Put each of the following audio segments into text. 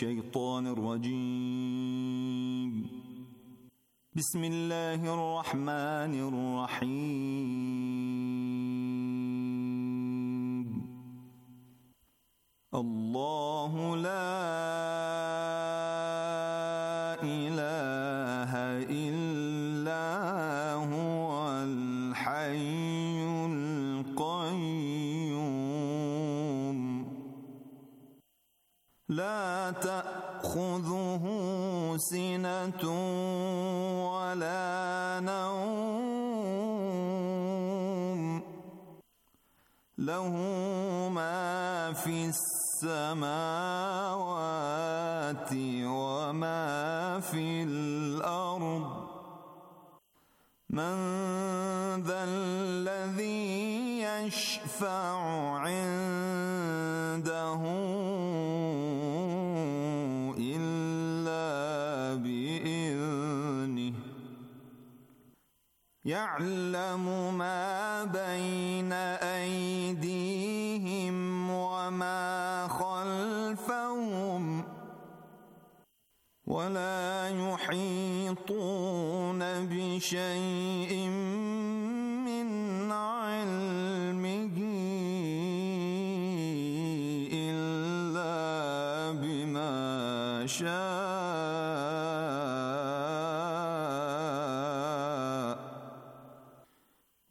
الشيطان الرجيم بسم الله الرحمن الرحيم الله لا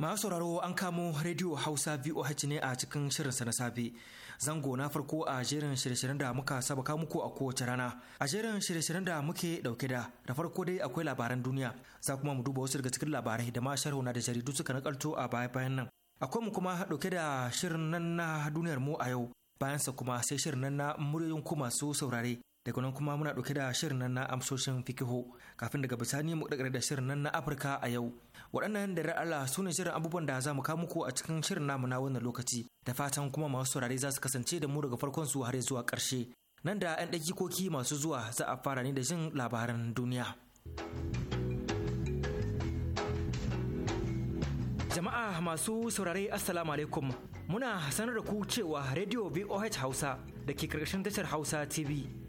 Masu sauraro an kamo rediyo Hausa VOH ne a cikin shirinsa na safe. Zango na farko a jerin shirye-shiryen da muka sabaka muku a kowace rana. A jerin shirye-shiryen da muke dauke da da farko dai akwai labaran duniya. Za kuma mu duba wasu daga cikin labarai da ma na da jaridu suka na nakalto a baya-bayan nan. Akwai mu kuma dauke da shirin nan na duniyar mu a yau. Bayansa kuma sai shirin nan na muryoyin ku masu saurare. daga nan kuma muna ɗauke da shirin nan na amsoshin fikiho kafin daga bisani mu ɗaga da shirin nan na afirka a yau waɗannan da Allah su ne shirin abubuwan da za mu kawo muku a cikin shirin namu na wannan lokaci da fatan kuma masu saurare za su kasance da mu daga farkon su har zuwa ƙarshe nan da 'yan koki masu zuwa za a fara ne da jin labaran duniya jama'a masu saurare assalamu alaikum muna sanar da ku cewa radio voh hausa da ke karkashin tashar hausa tv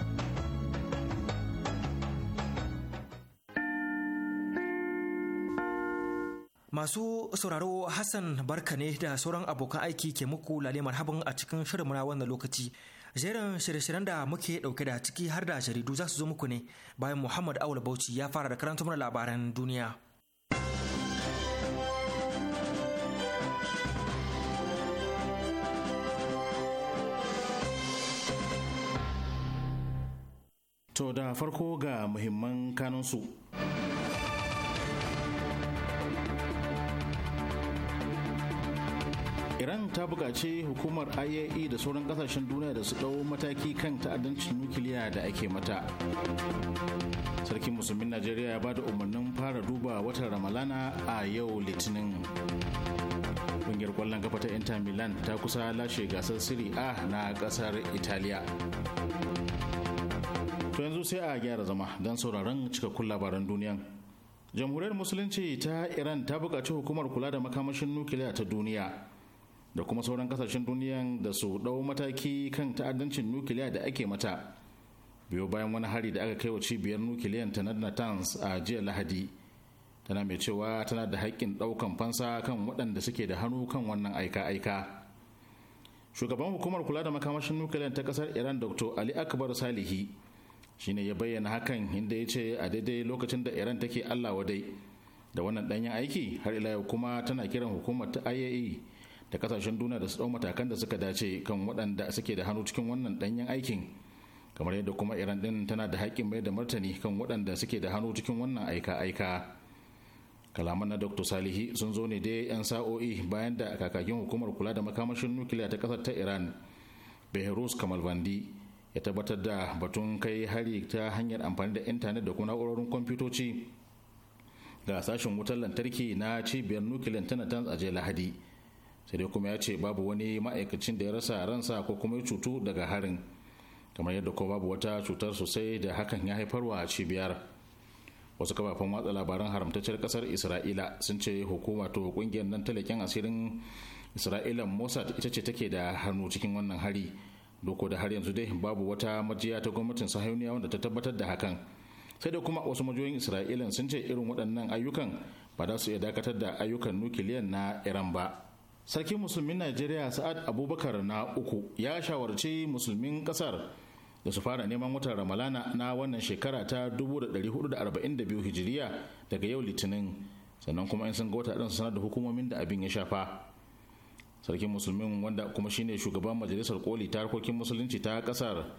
Masu sauraro Hassan barka ne da sauran abokan aiki ke muku lale marhaban a cikin shirin na wannan lokaci. Jerin shirye-shiryen da muke dauke da ciki har da jaridu za su zo muku ne bayan Muhammad Awul Bauchi ya fara da karanta mana labaran duniya. To da farko ga muhimman kanunsu. ta buƙaci hukumar IAE da sauran kasashen duniya da su ɗau mataki kan ta'addancin nukiliya da ake mata sarkin musulmin najeriya ya bada umarnin fara duba watan ramalana a yau litinin ƙungiyar ƙwallon kafa ta inter milan ta kusa lashe gasar siri a na ƙasar italiya to yanzu sai a gyara zama don sauraron cikakkun labaran duniyan jamhuriyar musulunci ta iran ta buƙaci hukumar kula da makamashin nukiliya ta duniya da kuma sauran kasashen duniyan da su dau mataki kan ta'addancin nukiliya da ake mata biyo bayan wani hari da aka kai wa cibiyar nukiliyan ta na natanz a jiya lahadi tana mai cewa tana da haƙƙin ɗaukan fansa kan waɗanda suke da hannu kan wannan aika-aika shugaban hukumar kula da makamashin nukiliyan ta ƙasar iran dr ali akbar salihi ne ya bayyana hakan inda ya ce a daidai lokacin da iran take allah wadai da wannan ɗanyen aiki har ila yau kuma tana kiran hukumar ta iaea e da kasashen duniya da su ɗau matakan da suka dace kan waɗanda suke da hannu cikin wannan ɗanyen aikin kamar yadda kuma iran ɗin tana da haƙƙin mai da martani kan waɗanda suke da hannu cikin wannan aika-aika kalaman na dr salihi sun zo ne da 'yan sa'o'i bayan da kakakin hukumar kula da makamashin nukiliya ta ƙasar ta iran behrus kamal bandi ya tabbatar da batun kai hari ta hanyar amfani da intanet da kuma na'urorin kwamfutoci ga sashen wutar lantarki na cibiyar nukiliyar tana a lahadi. lahadi sai dai kuma ya ce babu wani ma'aikacin da ya rasa ransa ko kuma ya cutu daga harin kamar yadda kuma babu wata cutar sosai da hakan ya haifarwa a cibiyar wasu kafafen watsa labaran haramtacciyar kasar isra'ila sun ce hukuma to kungiyar nan talakin asirin isra'ila mossad ita ce take da hannu cikin wannan hari doko da har yanzu dai babu wata majiya ta gwamnatin sahiyoniya wanda ta tabbatar da hakan sai da kuma wasu majiyoyin isra'ila sun ce irin waɗannan ayyukan ba za su iya dakatar da ayyukan nukiliyan na iran ba sarkin musulmin najeriya sa'ad abubakar na uku ya shawarci musulmin kasar da su fara neman watan ramalana na wannan shekara ta 442 hijiriya daga yau litinin sannan kuma in sun ga wata su sanar da hukumomin da abin ya shafa sarkin musulmin wanda kuma shine shugaban majalisar koli ta harkokin musulunci ta kasar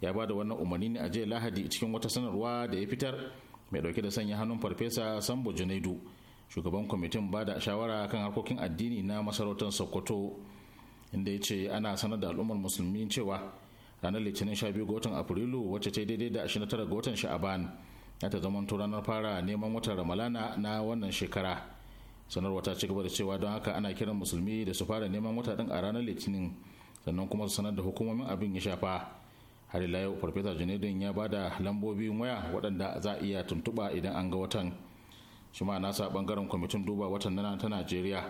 ya ba da wannan umarni ne a jiya lahadi cikin wata sanarwa da ya fitar mai dauke da sanya hannun farfesa sambo junaidu shugaban kwamitin ba da shawara kan harkokin addini na masarautar sokoto inda ya ce ana sanar da al'ummar musulmi cewa ranar litinin 12 ga watan afrilu wacce ta daidai da 29 ga watan sha'aban ya ta zama ranar fara neman watan ramalana na wannan shekara sanarwa ta ci gaba da cewa don haka ana kiran musulmi da su fara neman wata din a ranar litinin sannan kuma su sanar da hukumomin abin ya shafa har ila yau farfesa janedin ya bada lambobin waya waɗanda za a iya tuntuɓa idan an ga watan shi ma sa bangaren kwamitin duba watan nan ta najeriya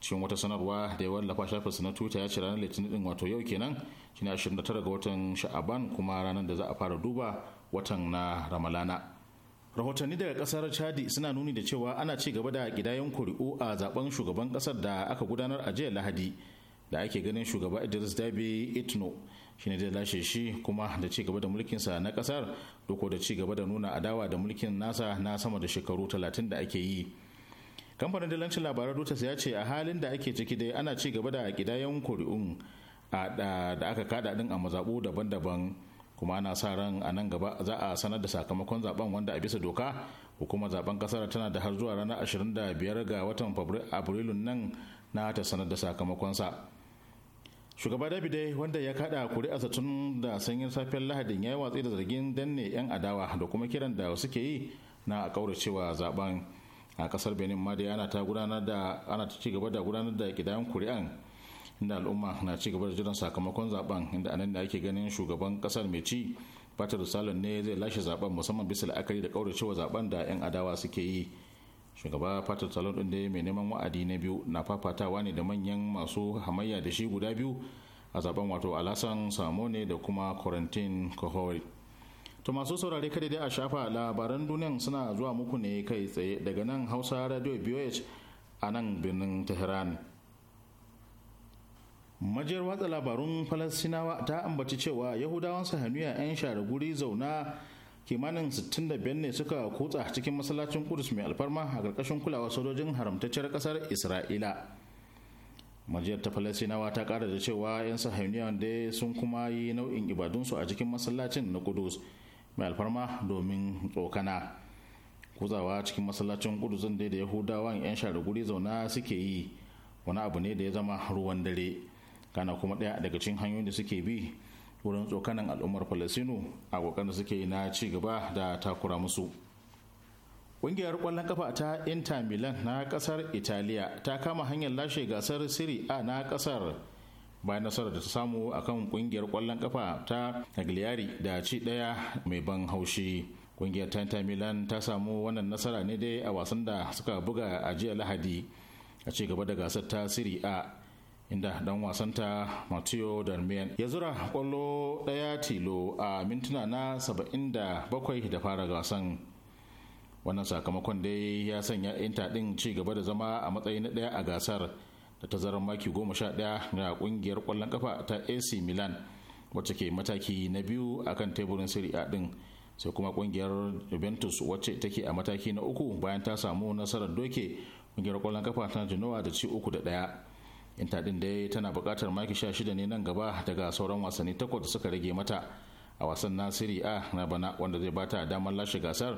cikin wata sanarwa da ya wallafa shafinsa na twitter ya ce ranar litinin din wato yau kenan shine 29 ga watan sha'aban kuma ranar da za a fara duba watan na ramalana rahotanni daga kasar chadi suna nuni da cewa ana ci gaba da kidayen kuri'u a zaben shugaban kasar da aka gudanar a jiya lahadi da ake ganin shugaba idris dabi itno shine zai lashe shi kuma da ci gaba da mulkinsa na kasar duk da ci gaba da nuna adawa da mulkin nasa na sama da shekaru 30 da ake yi kamfanin dalancin labaran reuters ya ce a halin da ake ciki dai ana ci gaba da kidayen kuri'un da aka kada din a mazabu daban-daban kuma ana sa ran a nan gaba za a sanar da sakamakon zaben wanda a bisa doka hukumar zaben kasar tana da har zuwa ranar 25 ga watan abrilun nan na ta sanar da sakamakonsa shugaba davide wanda ya kada kuri'arsa tun da sanyin safiyar lahadin ya yi watsi da zargin danne 'yan adawa da kuma kiran da suke yi na a kauracewa zaben a kasar benin ma dai ana ta gudanar da ci gaba da gudanar da kidayen kuri'an inda al'umma na ci gaba da jiran sakamakon zaben inda anan da ake ganin shugaban kasar mai ci fatar salon ne zai lashe zaben musamman bisa la'akari da kauracewa zaben da 'yan adawa suke yi shugaba fatar salon din da mai neman wa'adi na biyu na fafatawa ne da manyan masu hamayya da shi guda biyu a zaben wato alasan samone da kuma quarantine kohori to masu saurari kada dai a shafa labaran duniyan suna zuwa muku ne kai tsaye daga nan hausa radio boh a nan birnin tehran majiyar watsa labarun falasinawa ta ambaci cewa yahudawan sahaniya 'yan share guri zauna kimanin 65 ne suka kutsa cikin masallacin kudus mai alfarma a ƙarƙashin kulawa sojojin haramtacciyar ƙasar isra'ila majiyar ta falasinawa ta ƙara da cewa 'yan sahayuniyan dai sun kuma yi nau'in ibadunsu a cikin masallacin na kudus mai alfarma domin tsokana kuzawa cikin masallacin kudus dai da Yahudawa 'yan share guri zauna suke yi wani abu ne da ya zama ruwan dare kana kuma ɗaya daga cikin hanyoyin da suke bi wurin tsokanan al'ummar falasino a kokarin suke na ci gaba da takura musu ƙungiyar ƙwallon kafa ta inter milan na ƙasar italiya ta kama hanyar lashe gasar siri a na ƙasar bayan nasarar da ta samu akan ƙungiyar ƙwallon kafa ta agliari da ci ɗaya mai ban haushi ƙungiyar ta inter milan ta samu wannan nasara ne dai a wasan da suka buga a jiya lahadi a cigaba da gasar ta siri a inda dan wasanta Mateo Darmian ya zura kwallo daya tilo a mintuna na saba'in da da fara gasan wannan sakamakon dai ya sanya inta din ci gaba da zama a matsayi na daya a gasar da tazarar maki goma sha daya ga kungiyar kwallon kafa ta AC Milan wacce ke mataki na biyu a kan teburin siri A din sai kuma kungiyar Juventus wacce take a mataki na uku bayan ta samu nasarar doke kungiyar kwallon kafa ta Genoa da ci uku da daya inta din dai tana buƙatar maki sha shida ne nan gaba daga sauran wasanni takwas da suka rage mata a wasan na siri a na bana wanda zai bata damar lashe gasar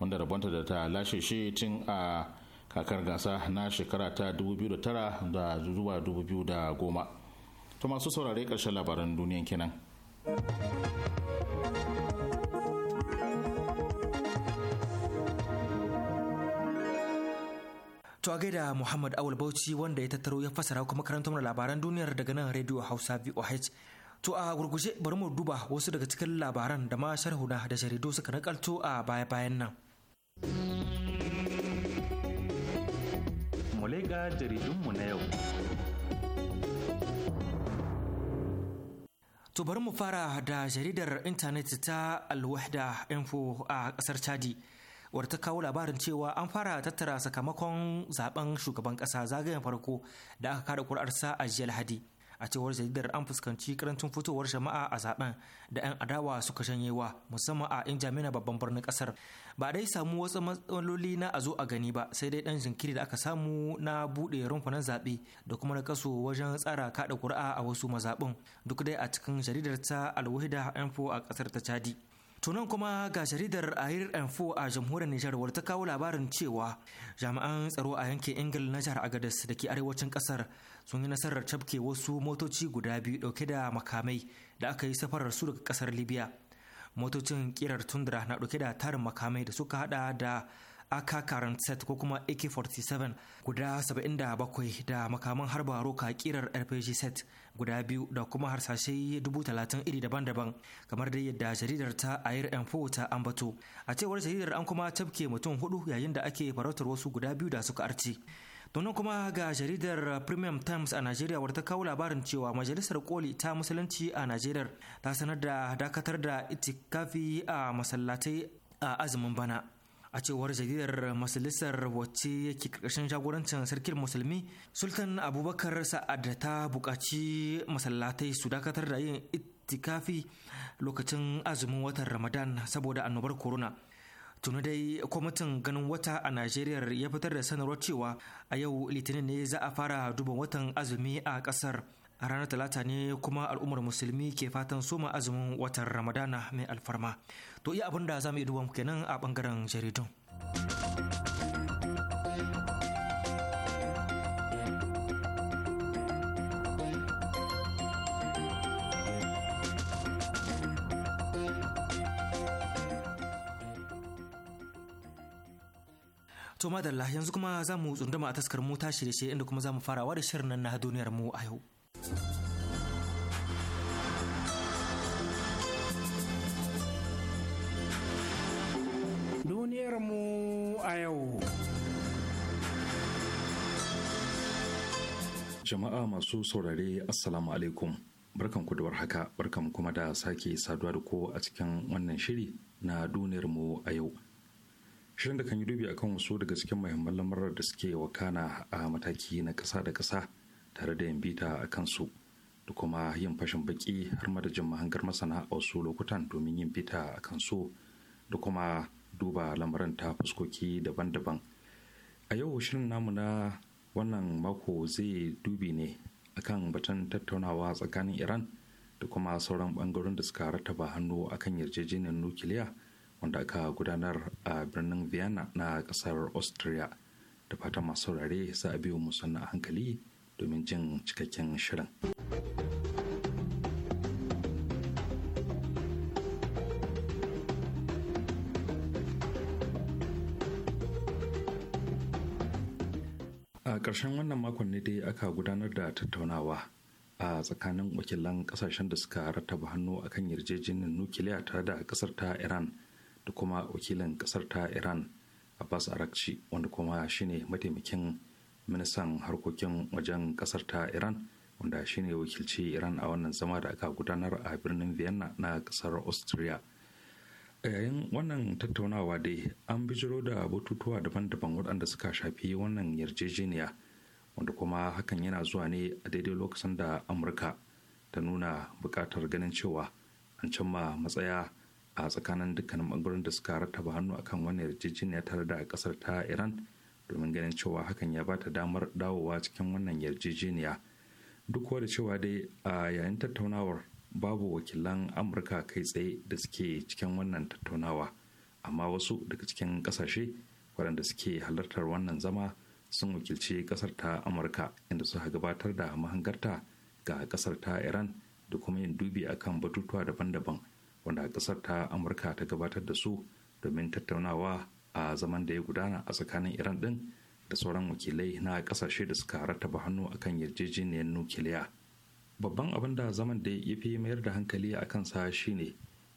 wanda rabonta da ta lashe shi tun a kakar gasa na shekara ta 2009 da zuwa 2010 to masu saurare karshen labaran duniyan kenan. To a gaida Muhammad Awal Bauchi wanda ya tattaro ya fasara kuma karanta mana labaran duniyar daga nan Radio Hausa VOH. To a gurguje bari mu duba wasu daga cikin labaran da ma sharhuna da jaridu suka nakalto a baya-bayan nan. Mulega jaridunmu na yau. To bari mu fara da jaridar intanet ta Alwahda Info a ƙasar Chadi. wadda ta kawo labarin cewa an fara tattara sakamakon zaben shugaban kasa zagayen farko da aka kada kuri'arsa a jiya lahadi a cewar jaridar an fuskanci karancin fitowar jama'a a zaben da 'yan adawa suka shanye wa musamman a injamina babban birnin kasar ba dai samu wasu matsaloli na a zo a gani ba sai dai dan jinkiri da aka samu na buɗe rumfunan zaɓe da kuma na kaso wajen tsara kaɗa ƙuri'a a wasu mazaɓin duk dai a cikin jaridar ta alwahida info a kasar ta chadi tunan kuma ga jaridar Ahir Info a jamhuriyar Nijar wadda ta kawo labarin cewa jami'an tsaro a yankin Ingil na jihar agadas da ke arewacin kasar sun yi nasarar cafke wasu motoci guda biyu dauke da makamai da aka yi safarar su daga kasar Libya. Motocin kirar tundra na dauke da tarin makamai da suka hada da AK-47 ko kuma AK-47 guda 77 da makaman harba roka kirar RPG set guda biyu da kuma harsashe 30,000 iri daban-daban kamar dai yadda jaridar ta Air M4 ta ambato. A cewar jaridar an kuma tabke mutum hudu yayin da ake farautar wasu guda biyu da suka arci. Tunan kuma ga jaridar premium times a najeriya wata kawo labarin cewa majalisar koli ta musulunci a najeriya ta sanar da dakatar da itikafi a masallatai a azumin bana a cewar jaridar majalisar wacce yake karkashin jagorancin sarkin musulmi sultan abubakar sa'ad ta buƙaci masallatai su dakatar da yin itikafi lokacin azumin watan ramadan saboda annobar corona tuni dai kwamitin ganin wata a najeriya ya fitar da sanarwar cewa a yau litinin ne za a fara duba watan azumi a ƙasar a ranar talata ne kuma al'ummar musulmi ke fatan soma azumin watan ramadana mai alfarma to iya abin da za mu iya duba kenan a bangaren jaridun To madalla yanzu kuma za mu tsunduma a taskar mu tashi da shi inda kuma za mu farawa da shirin nan na duniyar mu a yau. mu a yau. Jama'a masu saurare Assalamu alaikum. Barkanku da warhaka, barkan kuma da sake saduwa da ko a cikin wannan shiri na duniyar mu a yau. Shirin da kan yi dubi akan wasu daga cikin muhimman lamarar da suke wakana a mataki na kasa da ƙasa tare da yin bita a kansu da kuma yin fashin baki har ma mahangar masana a wasu lokutan domin yin bita a kansu da kuma duba lamarin ta fuskoki daban-daban a yau shirin namu na wannan mako zai dubi ne akan batun tattaunawa tsakanin iran da kuma sauran bangaren da suka rataba hannu akan yarjejeniyar nukiliya wanda aka gudanar a birnin vienna na kasar austria da fatan masu saurare sa a biyo a hankali domin jin cikakken shirin. ƙarshen wannan makon ne dai aka gudanar da tattaunawa a tsakanin wakilan ƙasashen da suka rattaba hannu akan yarjejeniyar nukiliya tare da kasar ta iran da kuma wakilin ƙasar ta iran abbas arakci wanda kuma shine mataimakin ministan harkokin wajen kasar ta iran wanda shine wakilci iran a wannan zama da aka gudanar a birnin vienna na ƙasar austria a yayin wannan tattaunawa dai an bijiro da bututuwa daban-daban waɗanda suka shafi wannan yarjejeniya wanda kuma hakan yana zuwa ne a daidai lokacin da amurka ta nuna bukatar ganin cewa an cimma matsaya a tsakanin dukkanin bangaren da suka rattaba hannu akan wannan yarjejeniya tare da kasar ta iran domin ganin cewa hakan ya bata damar dawowa cikin wannan yarjejeniya duk da cewa dai a yayin tattaunawar babu wakilan amurka kai tsaye da suke cikin wannan tattaunawa amma wasu daga cikin kasashe waɗanda suke halartar wannan zama sun wakilci kasar ta amurka inda suka gabatar da mahangarta ga kasar ta iran da kuma yin dubi akan batutuwa daban-daban wanda kasar ta amurka ta gabatar da su domin tattaunawa a zaman da ya gudana a tsakanin iran din da sauran wakilai na kasashe da suka rattaba hannu akan yarjejeniyar nukiliya babban abin da zaman da ya fi mayar da hankali a kansa shine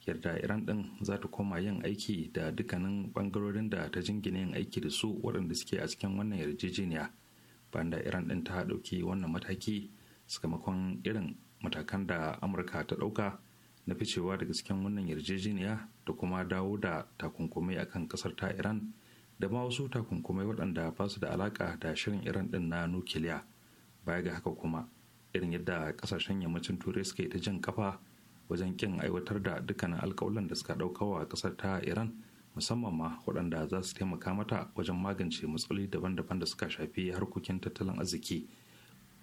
yarda iran din za ta koma yin aiki da dukkanin bangarorin da ta jingine yin aiki da su waɗanda suke a cikin wannan yarjejeniya bayan da iran din ta ɗauki wannan mataki sakamakon irin matakan da amurka ta ɗauka na ficewa daga cikin wannan yarjejeniya da kuma dawo da takunkumai akan ƙasar ta iran da ma wasu takunkumai waɗanda ba su da alaƙa da shirin iran din na nukiliya baya ga haka kuma irin yadda ƙasashen yammacin turai suka yi ta jin kafa wajen kin aiwatar da dukkanin alkawalan da suka ɗauka wa ƙasar ta iran musamman ma waɗanda za su taimaka mata wajen magance matsaloli daban-daban da suka shafi harkokin tattalin arziki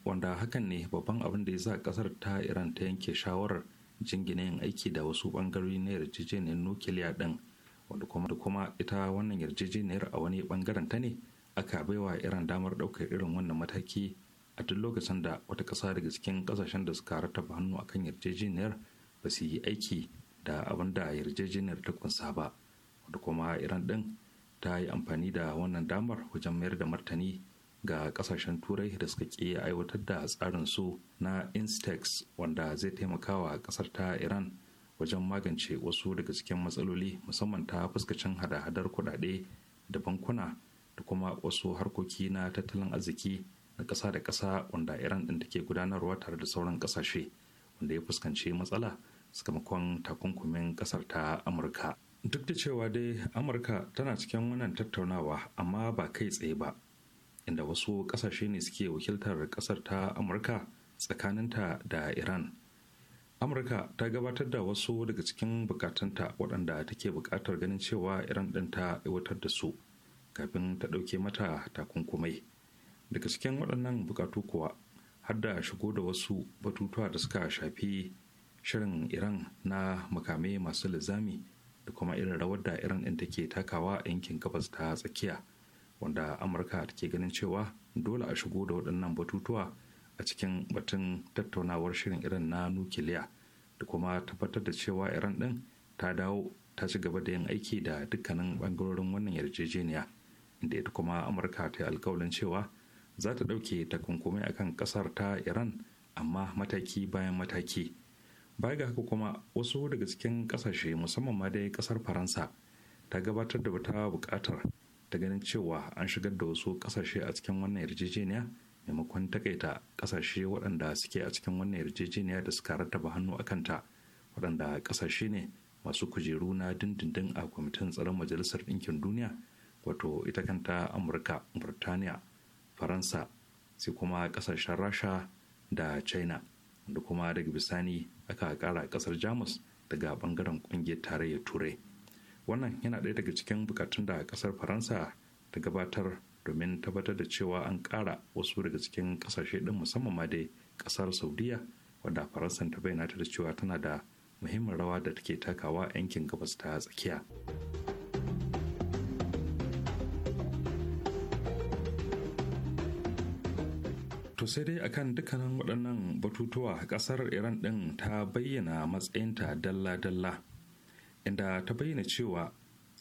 wanda hakan ne babban abin da ya sa ƙasar ta iran ta yanke shawarar jingina yin aiki da wasu bangarori na yarjejeniyar nukiliya ɗin wanda kuma da kuma ita wannan yarjejeniyar a wani bangaren ta ne aka baiwa iran damar ɗaukar irin wannan mataki a duk lokacin da wata ƙasa daga cikin ƙasashen da suka rattaba hannu akan yarjejeniyar ba su yi aiki da abin da yarjejeniyar ta kunsa ba wanda kuma iran din ta yi amfani da wannan damar wajen mayar da martani ga kasashen turai da suka ke aiwatar da tsarin su na instex wanda zai taimaka wa kasar ta iran wajen magance wasu daga cikin matsaloli musamman ta fuskacin hada-hadar kudade da bankuna da kuma wasu harkoki na tattalin arziki na ƙasa da ƙasa wanda iran ɗin take gudanarwa tare da sauran ƙasashe wanda ya fuskanci matsala sakamakon takunkumin kasar ta amurka duk da cewa dai amurka tana cikin wannan tattaunawa amma ba kai tsaye ba inda wasu kasashe ne suke wakiltar kasar ta amurka tsakaninta da iran amurka ta gabatar da wasu daga cikin bukatunta waɗanda take buƙatar ganin cewa iran ɗin ta aiwatar da su kafin ta ɗauke mata takunkumai daga cikin waɗannan bukatu kuwa har da shigo da wasu batutuwa da suka shafi shirin iran na makamai masu lizami da kuma irin rawar da iran ɗin take takawa a yankin gabas ta tsakiya wanda amurka take ganin cewa dole a shigo da waɗannan batutuwa a cikin batun tattaunawar shirin iran na nukiliya da kuma tabbatar da cewa iran ɗin ta dawo ta ci gaba da yin aiki da dukkanin ɓangarorin wannan yarjejeniya inda ita kuma amurka ta yi alkawalin cewa za ta ɗauke takunkumai akan ƙasar ta iran amma mataki bayan mataki baya ga haka kuma wasu daga cikin kasashe musamman ma dai kasar faransa ta gabatar da wata bukatar ta ganin cewa an shigar da wasu kasashe a cikin wannan yarjejeniya maimakon takaita kasashe waɗanda suke a cikin wannan yarjejeniya da suka rattaba hannu a kanta waɗanda kasashe ne masu kujeru na dindindin a kwamitin tsaron majalisar ɗinkin duniya wato ita kanta amurka burtaniya faransa sai kuma kasashen rasha da china da kuma daga bisani aka kara a kasar jamus daga bangaren kungiyar tarayyar turai wannan yana ɗaya daga cikin bukatun da kasar faransa ta gabatar domin tabbatar da cewa an kara wasu daga cikin kasashe ɗin musamman ma dai kasar saudiya wadda faransa ta bayyana ta da cewa tana da muhimmin rawa da take takawa yankin gabas ta tsakiya. to sai dai akan dukkanin waɗannan batutuwa ƙasar iran ɗin ta bayyana matsayinta dalla-dalla inda ta bayyana cewa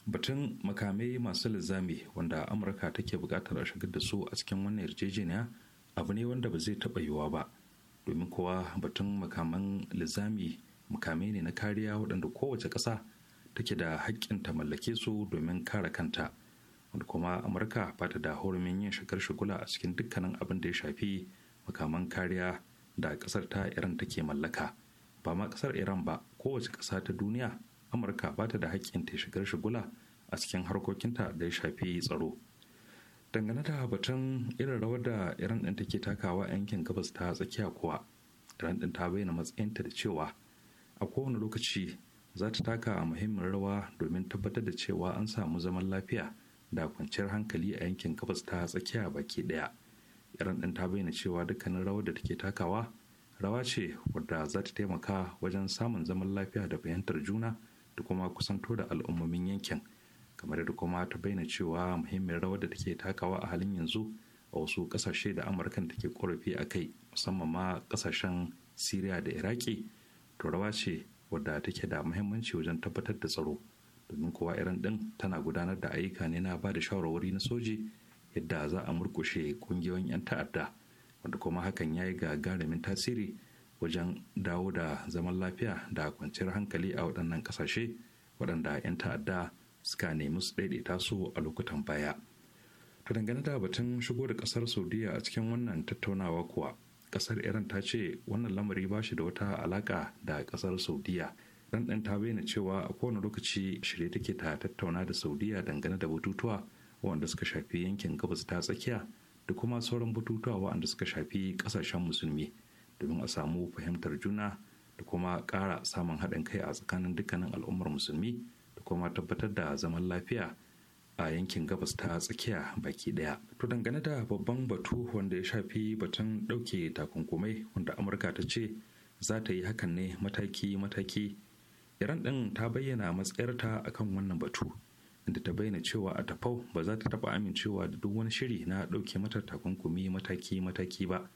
batun makamai masu lizami wanda amurka take buƙatar a shigar da su a cikin wannan yarjejeniya abu ne wanda ba zai taɓa yiwuwa ba domin kuwa batun makaman lizami makamai ne na kariya waɗanda kowace ƙasa take da haƙƙin ta mallake su domin kare kanta. wanda kuma amurka ba ta da horumin yin shigar shigula a cikin dukkanin abin da ya shafi makaman kariya da kasar ta iran take mallaka ba ma kasar iran ba kowace kasa ta duniya amurka ba ta da haƙƙin ta shigar shigula a cikin harkokinta da ya shafi tsaro dangane da batun irin rawar da iran ɗin take takawa a yankin gabas ta tsakiya kuwa iran ɗin ta bayyana matsayinta da cewa a kowane lokaci za ta taka muhimmin rawa domin tabbatar da cewa an samu zaman lafiya da kwanciyar hankali a yankin gabas ta tsakiya baki daya iran din ta bayyana cewa dukkanin rawar da take takawa rawa ce wadda za ta taimaka wajen samun zaman lafiya da fahimtar juna da kuma kusanto da al'ummomin yankin kamar da kuma ta bayyana cewa muhimmin rawar da take takawa a halin yanzu a wasu kasashe da amurkan take korafi a kai musamman ma kasashen Siriya da iraki to rawa ce wadda take da muhimmanci wajen tabbatar da tsaro domin kowa iran din tana gudanar da ayyuka ne na ba da shawarwari na soji yadda za a murkushe kungiyoyin 'yan ta'adda wanda kuma hakan ya yi gagarumin tasiri wajen dawo da zaman lafiya da kwanciyar hankali a waɗannan ƙasashe waɗanda 'yan ta'adda suka nemi su daidaita su a lokutan baya. ta dangane da batun shigo da ƙasar saudiya a cikin wannan tattaunawa kuwa ƙasar iran ta ce wannan lamari ba shi da wata alaƙa da ƙasar saudiya ɗanɗan ta bayyana cewa a kowane lokaci shirye take ta tattauna da saudiya dangane da batutuwa waɗanda suka shafi yankin gabas ta tsakiya da kuma sauran bututuwa waɗanda suka shafi ƙasashen musulmi domin a samu fahimtar juna da kuma ƙara samun haɗin kai a tsakanin dukkanin al'ummar musulmi da kuma tabbatar da zaman lafiya a yankin gabas ta tsakiya baki ɗaya. To dangane da babban batu wanda ya shafi batun ɗauke takunkumai wanda Amurka ta ce za ta yi hakan ne mataki-mataki iran ɗin ta bayyana matsayarta a kan wannan batu inda ta bayyana cewa a tafau ba za ta taɓa amincewa da duk wani shiri na ɗauke mata takunkumi mataki-mataki ba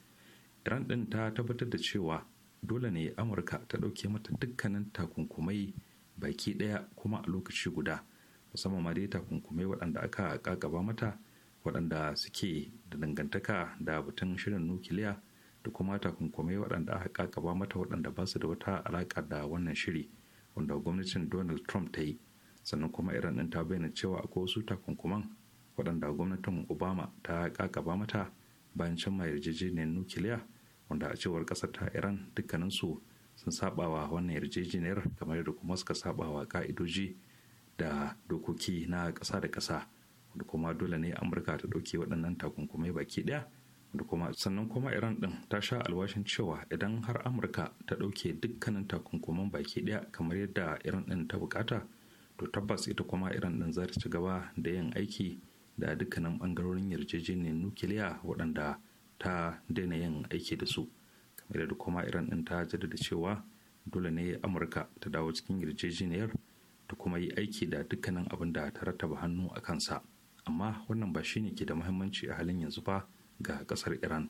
iran ɗin ta tabbatar da cewa dole ne amurka ta ɗauke mata dukkanin takunkumai baki ɗaya kuma a lokaci guda musamman ma dai takunkumai waɗanda aka ƙaƙaba mata waɗanda suke da dangantaka da batun shirin nukiliya da kuma takunkumai waɗanda aka ƙaƙaba mata waɗanda ba su da wata alaƙa da wannan shiri wanda gwamnatin donald trump ta yi sannan kuma iran ɗin ta bayyana cewa akwai wasu takunkuman waɗanda gwamnatin obama ta kakaba mata bayan ma yarjejeniyar nukiliya wanda a cewar ƙasar ta iran dukkaninsu sun sabawa wannan yarjejeniyar kamar yadda kuma suka sabawa ƙa'idoji da dokoki na ƙasa da ƙasa wanda kuma dole ne amurka ta ɗauki waɗannan takunkumai baki ɗaya da kuma sannan kuma iran din ta sha alwashin cewa idan har amurka ta dauke dukkanin takunkuman baki ɗaya kamar yadda iran din ta bukata to tabbas ita kuma iran din za ta ci gaba da yin aiki da dukkanin bangarorin yarjejeniyar nukiliya waɗanda ta daina yin aiki da su kamar yadda kuma iran din ta jaddada cewa dole ne amurka ta dawo cikin yarjejeniyar ta kuma yi aiki da dukkanin abin da ta rattaba hannu a kansa amma wannan ba shine ke da muhimmanci a halin yanzu ba ga kasar iran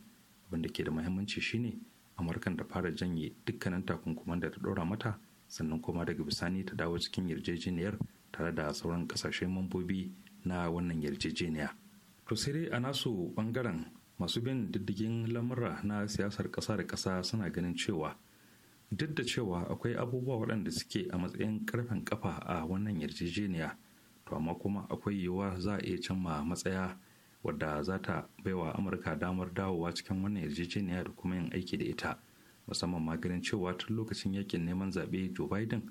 abin da ke da muhimmanci shine amurkan da fara janye dukkanin takunkuman da ta ɗora mata sannan kuma daga bisani ta dawo cikin yarjejeniyar tare da sauran kasashen mambobi na wannan yarjejeniya to sai dai a nasu bangaren masu bin diddigin lamura na siyasar ƙasa da ƙasa suna ganin cewa duk da cewa akwai abubuwa waɗanda suke a matsayin karfen kafa a wannan yarjejeniya to amma kuma akwai yiwuwa za a iya cimma matsaya wadda za ta baiwa amurka damar dawowa cikin wannan yarjejeniya da kuma yin aiki da ita musamman ma ganin cewa tun lokacin yakin neman zaɓe joe biden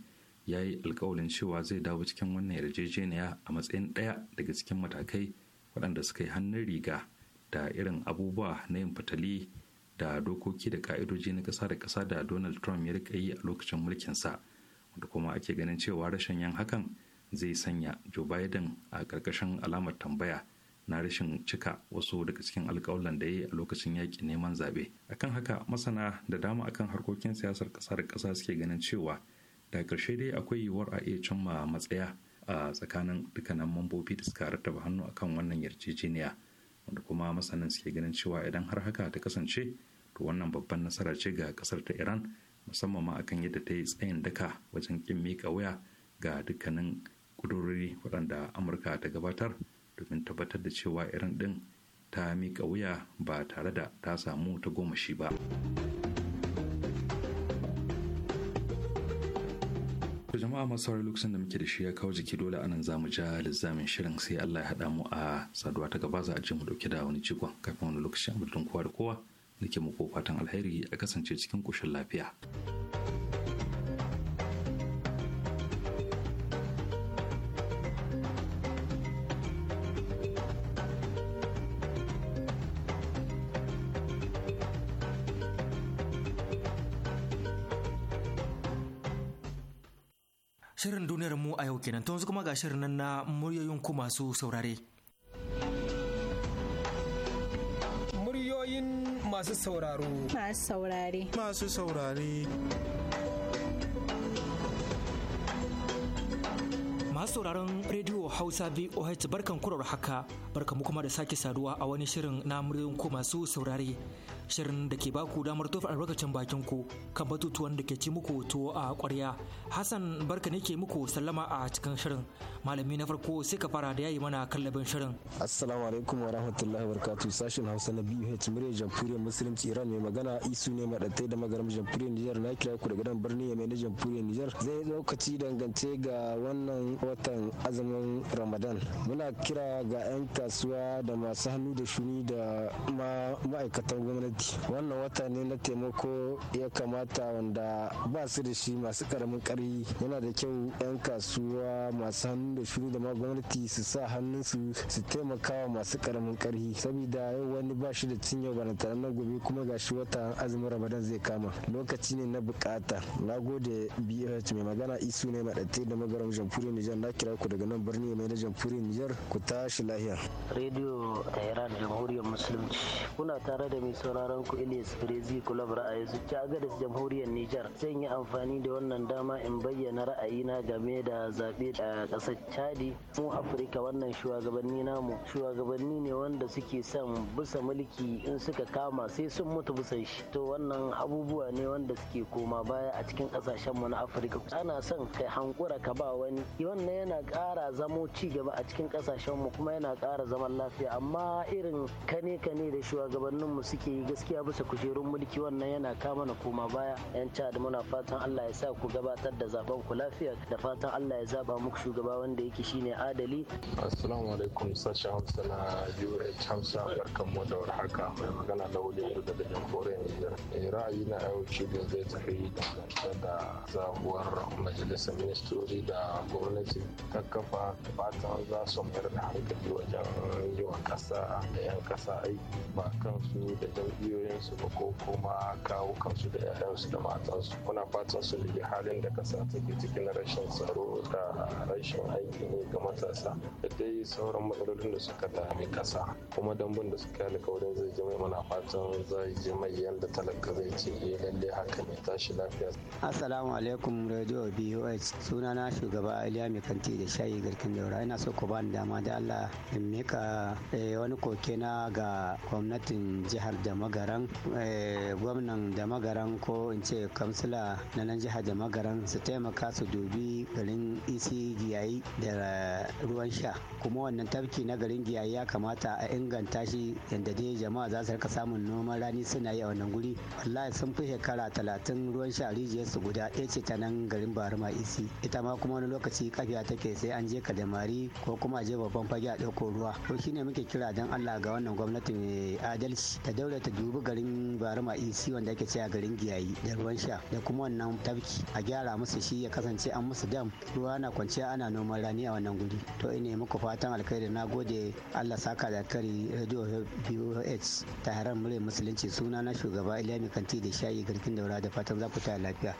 ya yi alkawalin cewa zai dawo cikin wannan yarjejeniya a matsayin ɗaya daga cikin matakai waɗanda suka yi hannun riga da irin abubuwa na yin fitali da dokoki da ka'idoji na ƙasa da ƙasa da donald trump ya rika yi a lokacin mulkinsa wanda kuma ake ganin cewa rashin yin hakan zai sanya joe biden a ƙarƙashin alamar tambaya na rashin cika wasu daga cikin alkawalan da ya yi a lokacin yaƙi neman zaɓe akan haka masana da dama akan harkokin siyasar ƙasa da ƙasa suke ganin cewa da ƙarshe dai akwai yiwuwar a iya cimma matsaya a tsakanin dukkanin mambobi da suka rattaba hannu akan wannan yarjejeniya wanda kuma masanan suke ganin cewa idan har haka ta kasance to wannan babban nasara ce ga ƙasar ta iran musamman ma akan yadda ta yi tsayin daka wajen ƙin miƙa waya ga dukkanin kudurori waɗanda amurka ta gabatar domin tabbatar da cewa irin ɗin ta mika wuya ba tare da ta samu ta goma shi ba jama'a masu saurari lokacin da muke da shi ya kawo jiki dole anan zamu ja lizamin shirin sai Allah ya haɗa mu a saduwa ta gaba za a ji mu dauke da wani jigon kafin wani lokacin abin kowa da kowa nake muku fatan alheri a kasance cikin koshin lafiya. To yanzu kuma ga shirin nan na muryoyin ku masu saurare. Muryoyin masu sauraro. Masu saurare. Masu saurare. masu sauraron rediyo hausa voh barkan kurar haka barkan kuma da sake saduwa a wani shirin na muryoyin ku masu saurare shirin da ke baku damar tofa albarkacin bakin ku kan batutuwan da ke ci muku tu a ƙwarya. Hassan barka ne ke muku sallama a cikin shirin. Malami na farko sai ka fara da yayi mana kallabin shirin. Assalamu alaikum wa rahmatullahi wa barakatuh sashin Hausa na BUH murya Jamhuriyar Musulunci Iran mai magana Isu ne madatai da magaram Jamhuriyar Nijar na kira ku daga birni birnin Yamai na Jamhuriyar Nijar. Zai lokaci dangance ga wannan watan azumin Ramadan. Muna kira ga 'yan kasuwa da masu hannu da shuni da ma'aikatan gwamnati gwamnati wannan wata ne na taimako ya kamata wanda ba su da shi masu karamin karfi yana da kyau 'yan kasuwa masu hannu da shuru da ma gwamnati su sa hannunsu su taimaka wa masu karamin karfi saboda yau wani ba shi da cinye barantana na gobe kuma ga shi wata azumin ramadan zai kama lokaci ne na bukata na gode bh mai magana isu ne madatte da magaram jamhuriyar nijar na kira ku daga nan birni mai na jamhuriyar nijar ku tashi lahiya rediyo tehran jamhuriyar musulunci kuna tare da mai sauraro sauraron ku elias Frezi Club ra'ayi su ci agadis jamhuriyar Nijar. zan yi amfani da wannan dama in bayyana ra'ayi na game da zaɓe a ƙasar Chadi. Mu Afirka wannan shugabanni namu shugabanni ne wanda suke son bisa mulki in suka kama sai sun mutu bisa shi. To wannan abubuwa ne wanda suke koma baya a cikin ƙasashenmu na Afirka. Ana son ka hankura ka ba wani. Wannan yana ƙara zamo ci gaba a cikin ƙasashenmu kuma yana ƙara zaman lafiya amma irin kane-kane da shugabanninmu suke yi gaskiya bisa kujerun mulki wannan yana kama na koma baya yan chad muna fatan Allah ya sa ku gabatar da zaben ku lafiya da fatan Allah ya zaba muku shugaba wanda yake shine adali assalamu alaikum sashi hamsa na UH Hamsa barkan mu da warhaka mai magana da wuri daga jamhuriyar Nijar eh, ra'ayi na yau da zai tafi da zabuwar majalisar ministoci da gwamnati ta kafa fatan za su mayar da hankali wajen yi wa ƙasa da 'yan kasa aiki ba kansu da jam'iyyar dukiyoyinsu ba ko kuma kawo kansu da 'ya'yansu da matansu muna fatan su rage halin da kasa take ciki na rashin tsaro da rashin aiki ne ga matasa da dai sauran matsalolin da suka dami kasa kuma dambun da suka yi alkawarin zai ji mai muna fatan zai ji mai yadda talaka zai ce eh lalle haka ne tashi lafiya assalamu alaikum radio suna sunana shugaba iliya mai kanti da shayi garkin daura ina so ku bani dama da allah in mika eh, wani koke na ga gwamnatin jihar da garan eh, gwamnan da magaran ko in ce kamsila na nan jihar da magaran su taimaka su dubi garin isi e giyayi da ruwan sha kuma wannan tafki na garin giyayi ya kamata a inganta shi yadda dai jama'a za su rika samun noman rani suna yi a wannan guri wallahi sun fi shekara talatin ruwan sha rijiyar su guda ɗaya ce ta nan garin baruma isi ita ma kuma wani lokaci kafiya take sai an je kadamari ko kuma a je babban fage a ɗauko ruwa to shine muke kira don allah ga wannan gwamnati mai adalci ta daure ta dubi garin baruma isi wanda ake cewa garin giyayi da ruwan sha da kuma wannan tafki a gyara musu shi ya kasance an musu dam ruwa na kwanciya ana ana noman rani a wannan guri to ina muku fatan alkhairi na gode allah saka da kari radio boh haram murya musulunci suna na shugaba iliya kanti da shayi garkin daura da fatan za ku ta lafiya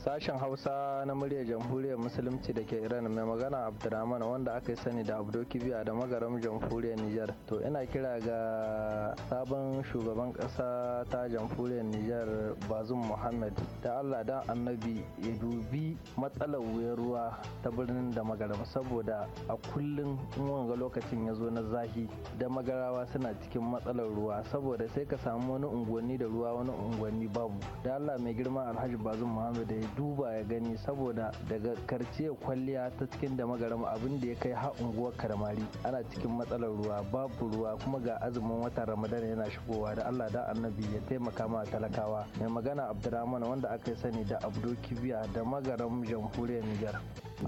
Sashen Hausa na murya Jamhuriyar Musulunci da ke Iran mai magana Abdurrahman wanda aka yi sani da Abdo Kibiya da magaram Jamhuriyar Nijar. To ina kira ga sabon shugaban kasa ta Jamhuriyar Nijar Bazum Muhammad da Allah dan Annabi ya dubi matsalar wuyar ruwa ta birnin da magaram saboda a kullum in wanga lokacin ya zo na zahi da magarawa suna cikin matsalar ruwa saboda sai ka samu wani unguwanni da ruwa wani unguwanni babu. Da Allah mai girma Alhaji Bazum Muhammad da ya duba ya gani saboda daga karce kwalliya ta cikin da magarama abin da ya kai ha unguwar karmari ana cikin matsalar ruwa babu ruwa kuma ga azumin watan ramadan yana shigowa da allah da annabi ya taimaka ma talakawa mai magana abdurrahman wanda aka sani da abdul kibiya da magaram jamhuriyar niger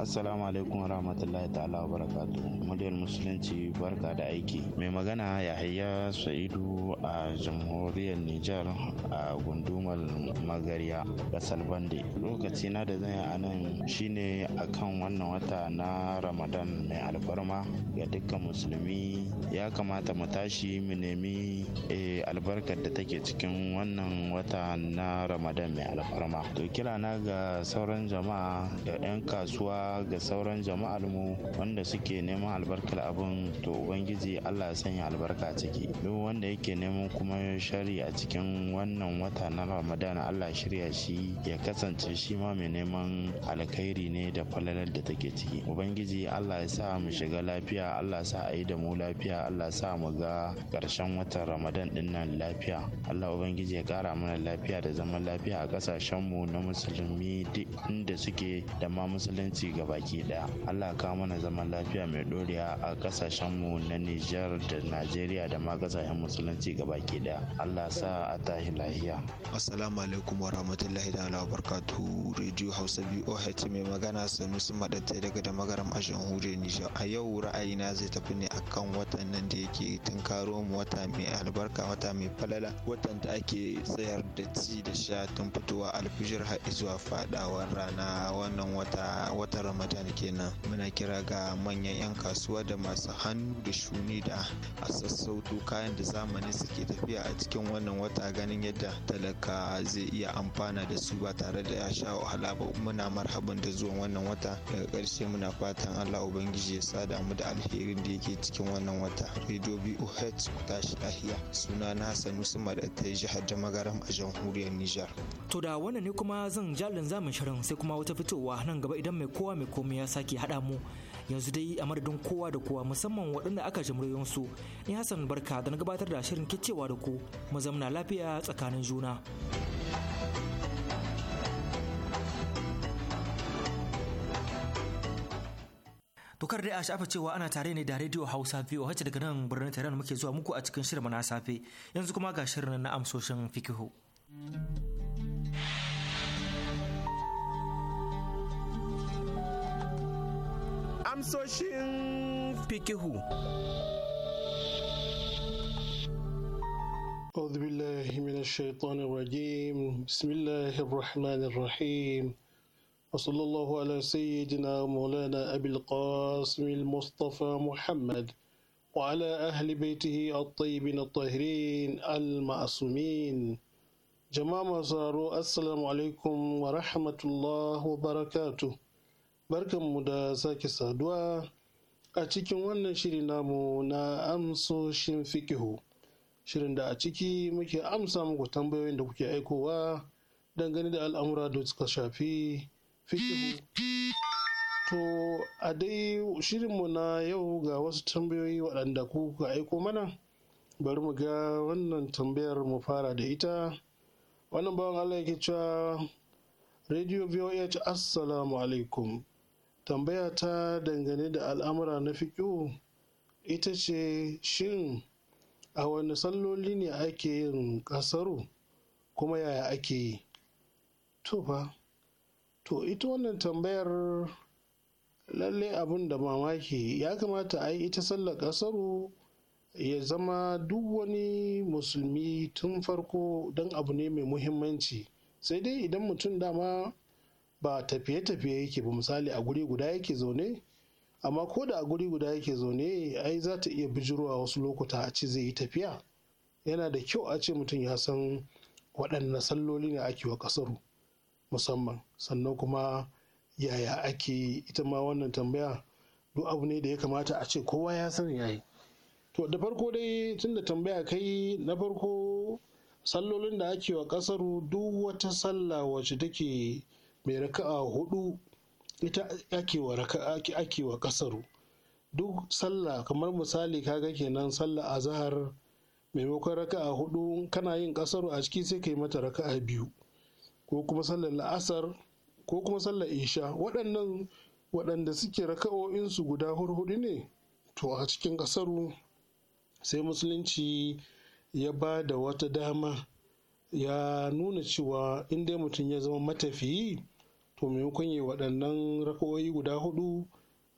assalamu alaikum wa rahmatullahi ta'ala wa barakatu muryar musulunci barka da aiki mai magana yahaya sa'idu a jamhuriyar nijar a gundumar magariya kasar salbande lokaci na da zan yi a nan shine akan wannan wata na ramadan mai alfarma ga dukkan musulmi ya kamata mu tashi mu nemi eh, albarkar da take cikin wannan wata na ramadan mai alfarma to kira na ga sauran jama'a da 'yan kasuwa ga sauran jama'ar mu wanda suke neman albarkar abin to ubangiji allah ya sanya albarka ciki duk wanda yake neman kuma shari a cikin wannan wata na ramadan allah shirya shi ya kasance shi ma mai neman alkhairi ne da falalar da take ciki ubangiji allah ya sa mu shiga lafiya allah ya sa a yi da mu lafiya allah ya sa mu ga ƙarshen watan ramadan din nan lafiya allah ubangiji ya ƙara mana lafiya da zaman lafiya a ƙasashen mu na musulmi duk inda suke da ma musulunci baki daya allah ya kawo mana zaman lafiya mai ɗorewa a ƙasashen mu na nijar da najeriya da ma kasashen musulunci baki daya allah ya sa a tahi lahiya assalamu alaikum wa rahmatullahi ta'ala wa barakatuhu radio hausa boh mai magana sanusi maɗatai daga da magaram a jamhuriyar nijar a yau ra'ayina zai tafi ne akan watan nan da yake tunkaro mu wata mai albarka wata mai falala watan da ake tsayar da ci da sha tun fitowa alfijir har zuwa fadawar rana wannan wata wata ramadan kenan muna kira ga manyan yan kasuwa da masu hannu da shuni da a sassauto kayan da zamani suke tafiya a cikin wannan wata ganin yadda talaka zai iya amfana da su ba tare da ya sha wahala ba muna marhaban da zuwan wannan wata daga ƙarshe muna fatan Allah Ubangiji ya sa mu da alherin da yake cikin wannan wata. Radio BOH ku tashi lahiya suna na Hassan Usman da ta jihar da magaram a jamhuriyar Nijar. To da wannan ne kuma zan jalin zamin shirin sai kuma wata fitowa nan gaba idan mai kowa mai komai ya sake haɗa mu. yanzu dai a madadin kowa da kowa musamman waɗanda aka jimriyon su ni hassan barka da na gabatar da shirin kicewa da ku mu zamna lafiya tsakanin juna kar dai a shafa cewa ana tare ne da Radio Hausa VOH daga nan birnin Tehran muke zuwa muku a cikin shirin na safe. Yanzu kuma ga shirin na amsoshin fikihu. Amsoshin fikihu. أعوذ بالله من الشيطان الرجيم بسم الله الرحمن الرحيم وصلى الله على سيدنا مولانا أبي القاسم المصطفى محمد وعلى أهل بيته الطيبين الطاهرين المعصومين jama'a sauraro assalamu alaikum wa rahmatullah wa barakatu barkanmu da sake saduwa a cikin wannan shiri namu na amsoshin fikihu shirin da a ciki muke amsa muku tambayoyin da kuke aikowa dangane da al'amura da suka shafi fikihu to a dai shirinmu na yau ga wasu tambayoyi waɗanda ku ka aiko mana bari mu ga wannan tambayar mu fara da ita wannan bawan allah yake cewa radio voh assalamu alaikum tambaya ta dangane da al'amura na fiƙo ita ce shin a wani salloli ne ake yin ƙasaru kuma yaya ake yi to fa to ita wannan tambayar lalle abin da mamaki ya kamata a yi ita sallar kasaru ya zama duk wani musulmi tun farko don abu ne mai muhimmanci sai dai idan mutum dama ba tafiye-tafiye yake ba misali a guri guda yake zaune amma ko da a guri guda yake zaune ai za ta iya bijirwa wasu lokuta a ce zai yi tafiya yana da kyau a ce mutum ya san waɗanne salloli ne ake wa kasaru musamman sannan kuma yaya ake ita ma wannan tambaya duk abu ne da ya kamata a ce kowa ya sani yayi to da farko dai tun da tambaya kai na farko sallolin da ake wa kasaru duk wata sallah wacce take mai raka'a hudu ita ake wa raka'a kasaru duk sallah kamar misali kaga kenan sallah zahar maimakon raka'a hudu kana yin kasaru a ciki sai kai mata raka'a biyu ko kuma sallar la'asar ko kuma sallar isha waɗannan waɗanda suke raka'o'insu guda hurhudu ne to a cikin ƙasaru sai musulunci ya ba da wata dama ya nuna cewa in mutum ya zama matafiyi to maimakon yi waɗannan raka'o'i guda hudu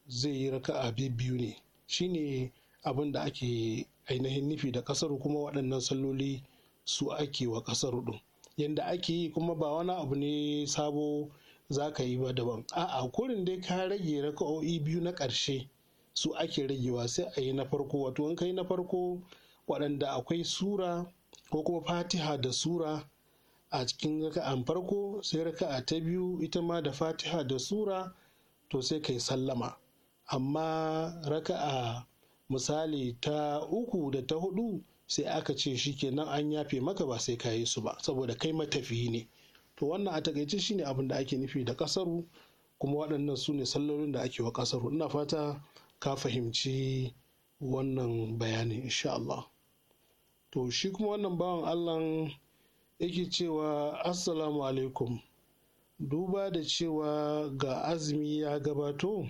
zai yi raka'a biyu ne shine abin da ake ainihin nufi da ƙasar kuma waɗannan salloli su ake wa ƙasar ɗin. yanda ake yi kuma ba wani abu ne sabo za ka yi ba daban a'a kurin dai ka rage raka'o'i biyu na ƙarshe su ake ragewa sai a yi na farko wato in ka na farko waɗanda akwai sura ko kuma fatiha da sura a cikin raka'an farko sai raka'a ta biyu ita ma da fatiha da sura to sai ka yi sallama amma raka'a misali ta uku da ta huɗu. sai aka ce shi kenan an yafe maka ba sai ka yi su ba saboda kai matafiyi ne to wannan a takaice shine abin da ake nufi da kasaru kuma waɗannan su ne sallolin da ake wa kasaru ina fata ka fahimci wannan bayanin insha Allah to shi kuma wannan bawan Allah yake cewa assalamu alaikum duba da cewa ga azumi ya gabato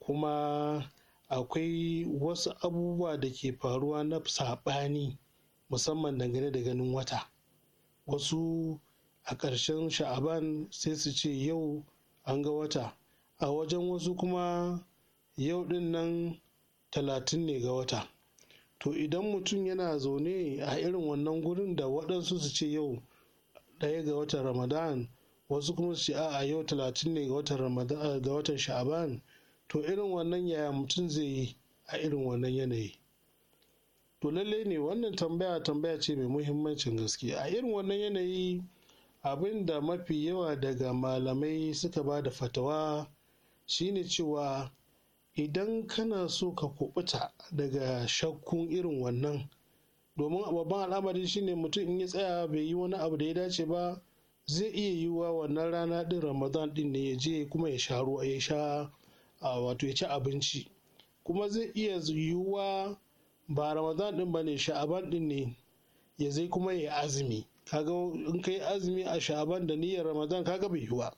kuma akwai wasu abubuwa da ke faruwa na saɓani musamman dangane da ganin wata wasu a ƙarshen sha'aban sai su ce yau an ga wata a wajen wasu kuma yau ɗin nan talatin ne ga wata to idan mutum yana zaune a irin wannan gurin da waɗansu su ce yau ɗaya ga watan ramadan wasu kuma su ce a'a yau talatin ne ga watan sha'aban to irin wannan yaya mutum zai yi a irin wannan yanayi to lallai ne wannan tambaya tambaya ce mai muhimmancin gaske a irin wannan yanayi abinda mafi yawa daga malamai suka ba da fatawa shine cewa idan kana so ka kubuta daga shakkun irin wannan domin babban al'amari shine mutum in ya tsaya bai yi wani abu da ya dace ba zai iya yiwuwa wannan rana din ramadan din ne ya je kuma ya sha ruwa ya sha A wato ya ci abinci kuma zai iya yiwuwa ba ramadan din ba ne, sha'aban din ne ya zai kuma ya azumi kaga in kai azumi a sha'aban da niyyar ramadan kaga bai yiwuwa?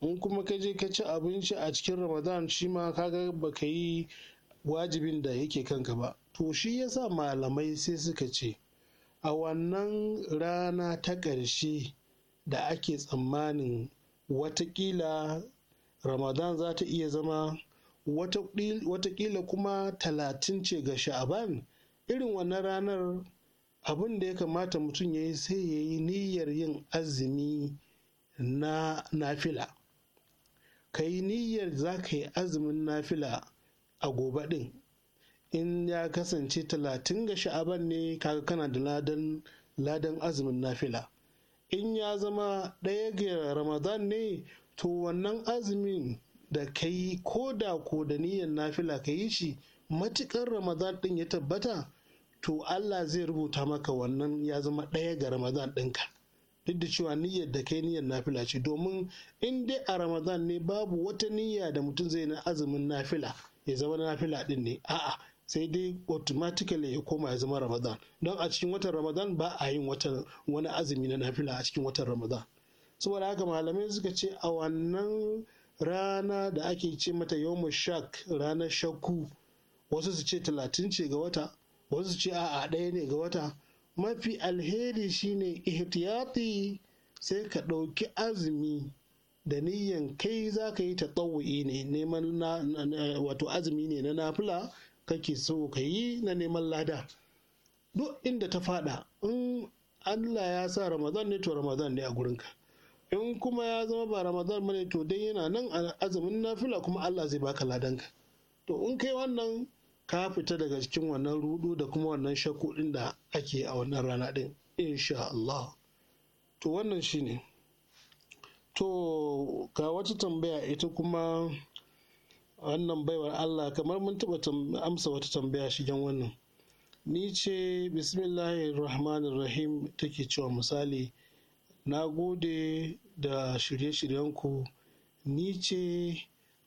in kuma ka je ka ci abinci a cikin ramadan shi ma kaga ba ka yi wajibin da yake kanka ba to shi yasa malamai sai suka ce a wannan rana ta ƙarshe da ake tsammanin watakila ramadan za ta iya zama watakila kuma talatin ce ga sha'aban irin wannan ranar abin da ya kamata mutum ya yi sai ya yi niyyar yin azumi na nafila ka yi niyyar za ka yi azumin nafila a gobe ɗin in ya kasance talatin ga sha'aban ne kaga kana da ladan ladan azumin nafila in ya zama ɗaya ga ramadan ne to wannan azumin da ka yi ko da ko da niyyar nafila ka yi shi matukar ramadan din ya tabbata to Allah zai rubuta maka wannan ya zama ɗaya ga ramadan ɗinka duk da cewa niyyar da kai niyyar nafila ce domin in dai a ramadan ne babu wata niyya da mutum zai na azumin nafila ya zama nafila ɗin ne a'a sai dai automatically ya koma ya zama ramadan don a cikin watan ramadan ba a yin wani azumi na nafila a cikin watan ramadan saboda haka malamai suka ce a wannan rana da ake ce mata yawon shak ranar shakku wasu su ce talatin ce ga wata wasu su ce a'a ɗaya ne ga wata mafi alheri shine ihtiyati sai ka ɗauki azumi da niyyan kai za ka yi ta ne neman wato azumi ne na nafila kake so ka yi na neman lada duk inda ta fada in allah ya sa ramadan ne to ramadan ne a gurinka in kuma ya zama ba ramadan bane to dai yana nan a azumin nafila kuma Allah zai baka ladanka to in kai wannan ka fita daga cikin wannan rudu da kuma wannan shakku din da ake a wannan rana din insha Allah to wannan shine to ga wata tambaya ita kuma wannan baiwar Allah kamar mun taba amsa wata tambaya shigen wannan ni ce bismillahirrahmanirrahim take cewa misali na gode da shirye-shiryenku ni ce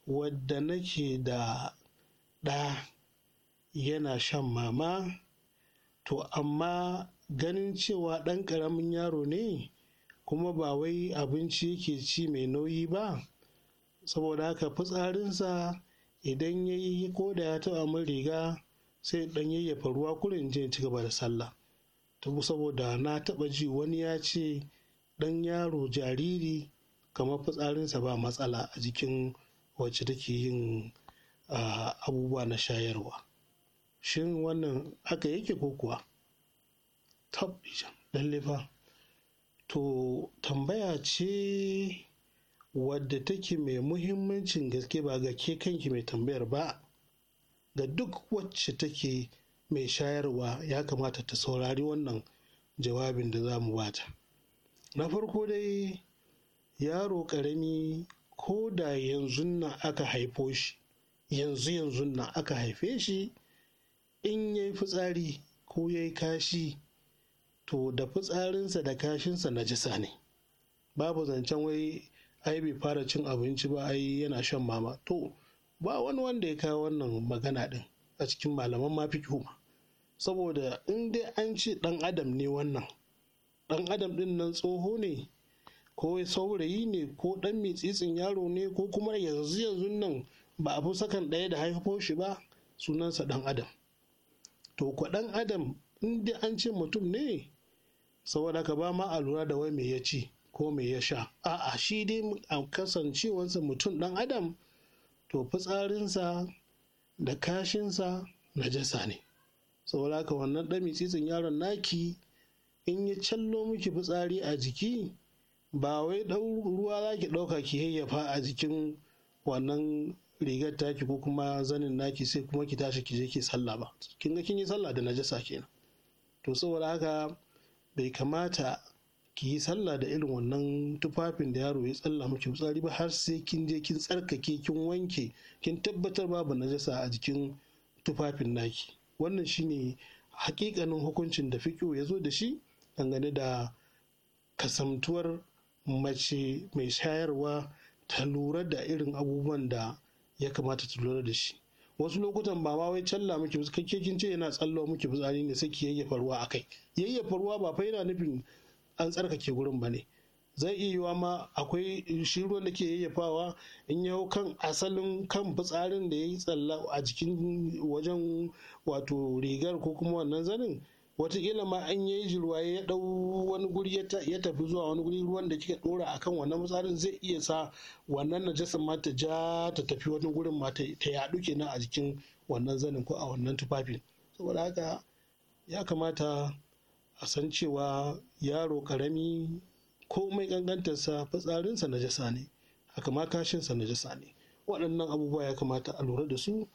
wadda nake da ɗa yana shan mama to amma ganin cewa ɗan ƙaramin yaro ne kuma ba wai abinci yake ci mai nauyi ba saboda haka fitsarinsa idan ya yi ko da ya taɓa min riga sai ɗan yayyafa ruwa kurin je ci gaba da sallah saboda na taɓa ji wani ya ce ɗan yaro jariri kamar fitsarinsa ba matsala a jikin wacce take yin abubuwa na shayarwa shin wannan haka yake ko kuwa tab fa to tambaya ce wadda take mai muhimmancin gaske ba ga ke kanki mai tambayar ba ga duk wacce take mai shayarwa ya kamata ta saurari wannan jawabin da za mu bata na farko dai yaro ƙarami ko da yanzu nan aka haifo shi yanzu yanzu nan aka haife shi in ya yi fitsari ko ya yi kashi to da fitsarinsa da kashinsa na jisa ne babu zancen wai ai bai fara cin abinci ba ai yana shan mama to ba wani wanda ya kawo wannan magana din a cikin malaman mafi ma saboda in dai an ce dan adam ne wannan ɗan adam ɗin nan tsoho ne ko saurayi ne ko ɗan mitsitsin yaro ne ko kuma yanzu yanzu nan ba a fi sakan ɗaya da haifo shi ba sunansa ɗan adam to kwa ɗan adam in dai an ce mutum ne saboda ka ba ma a lura da wai me ya ci ko mai ya sha a'a shi dai a kasancewarsa mutum ɗan adam to fitsarinsa da kashinsa najasa ne saboda ka wannan ɗan mitsitsin yaron naki in ya callo miki fitsari a jiki ba wai ruwa za ki ɗauka ki yayyafa a jikin wannan rigar taki ko kuma zanin naki sai kuma ki tashi ki je ki sallah ba kin ga kin yi sallah da najasa kenan to saboda haka bai kamata ki yi sallah da irin wannan tufafin da yaro ya tsalla miki fitsari ba har sai kin je kin tsarkake kin wanke kin tabbatar babu najasa a jikin tufafin naki wannan shine hakikanin hukuncin da fiƙo ya zo da shi dangane da kasamtuwar mace mai shayarwa ta lura da irin abubuwan da ya kamata ta lura da shi wasu lokutan ba ma wai challa muke kake kin ce yana tsallawa muke fitsari ne sai ki yayyafa ruwa akai yayyafa ruwa ba fa yana nufin an tsarkake gurin ba ne zai iya yiwuwa ma akwai shi ruwan da ke yayyafawa in yawo kan asalin kan fitsarin da ya yi tsalla a jikin wajen wato rigar ko kuma wannan zanin wataƙila ma an yi jirwaye ya ɗau wani guri ya tafi zuwa wani guri ruwan da kika ɗora akan wannan mutsarin zai iya sa wannan najasar ma ta ja ta tafi wani gurin ma ta yaɗu kenan a jikin wannan zanin ko a wannan tufafin saboda haka ya kamata a san cewa yaro ƙarami mai ƙanƙantarsa fitsarinsa najasa ne haka ma kashinsa najasa ne waɗannan abubuwa ya kamata a lura da su